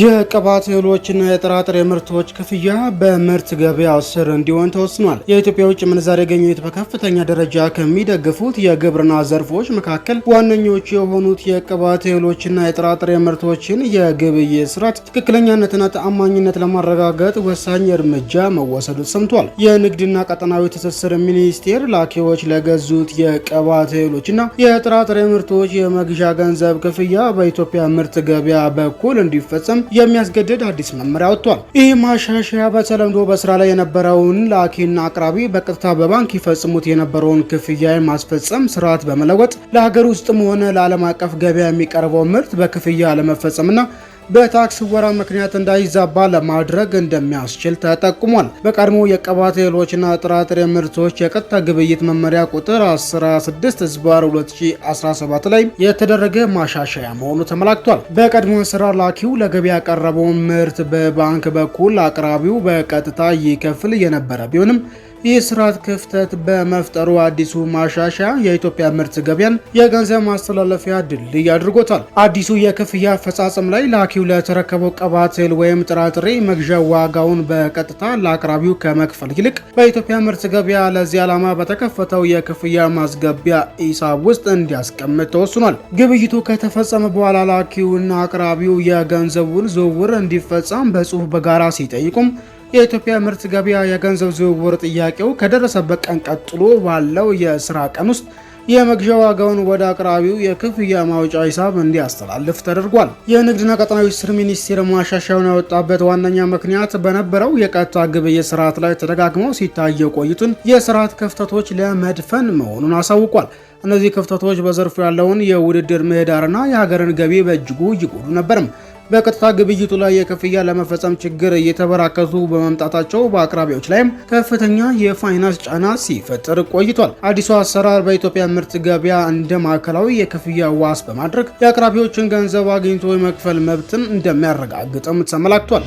የቅባት እህሎችና የጥራጥሬ ምርቶች ክፍያ በምርት ገበያ ስር እንዲሆን ተወስኗል። የኢትዮጵያ ውጭ ምንዛሬ ግኝት በከፍተኛ ደረጃ ከሚደግፉት የግብርና ዘርፎች መካከል ዋነኞቹ የሆኑት የቅባት እህሎችና የጥራጥሬ ምርቶችን የግብይት ስርዓት ትክክለኛነትና ተአማኝነት ለማረጋገጥ ወሳኝ እርምጃ መወሰዱ ሰምቷል። የንግድና ቀጠናዊ ትስስር ሚኒስቴር ላኪዎች ለገዙት የቅባት እህሎችና የጥራጥሬ ምርቶች የመግዣ ገንዘብ ክፍያ በኢትዮጵያ ምርት ገበያ በኩል እንዲፈጸም የሚያስገድድ አዲስ መመሪያ ወጥቷል። ይህ ማሻሻያ በተለምዶ በስራ ላይ የነበረውን ላኪና አቅራቢ በቀጥታ በባንክ ይፈጽሙት የነበረውን ክፍያ የማስፈጸም ስርዓት በመለወጥ ለሀገር ውስጥም ሆነ ለዓለም አቀፍ ገበያ የሚቀርበው ምርት በክፍያ አለመፈጸምና በታክስ ወራ ምክንያት እንዳይዛባ ለማድረግ እንደሚያስችል ተጠቁሟል። በቀድሞ የቅባት እህሎችና ጥራጥሬ ምርቶች የቀጥታ ግብይት መመሪያ ቁጥር 16 ዝባር 2017 ላይ የተደረገ ማሻሻያ መሆኑ ተመላክቷል። በቀድሞ ስራ ላኪው ለገበያ ያቀረበውን ምርት በባንክ በኩል አቅራቢው በቀጥታ ይከፍል የነበረ ቢሆንም ይህ ስርዓት ክፍተት በመፍጠሩ አዲሱ ማሻሻያ የኢትዮጵያ ምርት ገበያን የገንዘብ ማስተላለፊያ ድልድይ አድርጎታል። አዲሱ የክፍያ አፈጻጸም ላይ ላኪው ለተረከበው ቅባት እህል ወይም ጥራጥሬ መግዣ ዋጋውን በቀጥታ ለአቅራቢው ከመክፈል ይልቅ በኢትዮጵያ ምርት ገበያ ለዚህ ዓላማ በተከፈተው የክፍያ ማስገቢያ ሂሳብ ውስጥ እንዲያስቀምጥ ተወስኗል። ግብይቱ ከተፈጸመ በኋላ ላኪውና አቅራቢው የገንዘቡን ዝውውር እንዲፈጸም በጽሁፍ በጋራ ሲጠይቁም የኢትዮጵያ ምርት ገበያ የገንዘብ ዝውውር ጥያቄው ከደረሰበት ቀን ቀጥሎ ባለው የስራ ቀን ውስጥ የመግዣ ዋጋውን ወደ አቅራቢው የክፍያ ማውጫ ሂሳብ እንዲያስተላልፍ ተደርጓል። የንግድና ቀጣናዊ ትስስር ሚኒስቴር ማሻሻያውን ያወጣበት ዋነኛ ምክንያት በነበረው የቀጥታ ግብይት ስርዓት ላይ ተደጋግመው ሲታይ የቆዩትን የስርዓት ክፍተቶች ለመድፈን መሆኑን አሳውቋል። እነዚህ ክፍተቶች በዘርፉ ያለውን የውድድር ምህዳርና የሀገርን ገቢ በእጅጉ ይጎዱ ነበርም። በቀጥታ ግብይቱ ላይ የክፍያ ለመፈጸም ችግር እየተበራከቱ በመምጣታቸው በአቅራቢዎች ላይም ከፍተኛ የፋይናንስ ጫና ሲፈጥር ቆይቷል። አዲሱ አሰራር በኢትዮጵያ ምርት ገበያ እንደ ማዕከላዊ የክፍያ ዋስ በማድረግ የአቅራቢዎችን ገንዘብ አግኝቶ የመክፈል መብትን እንደሚያረጋግጥም ተመላክቷል።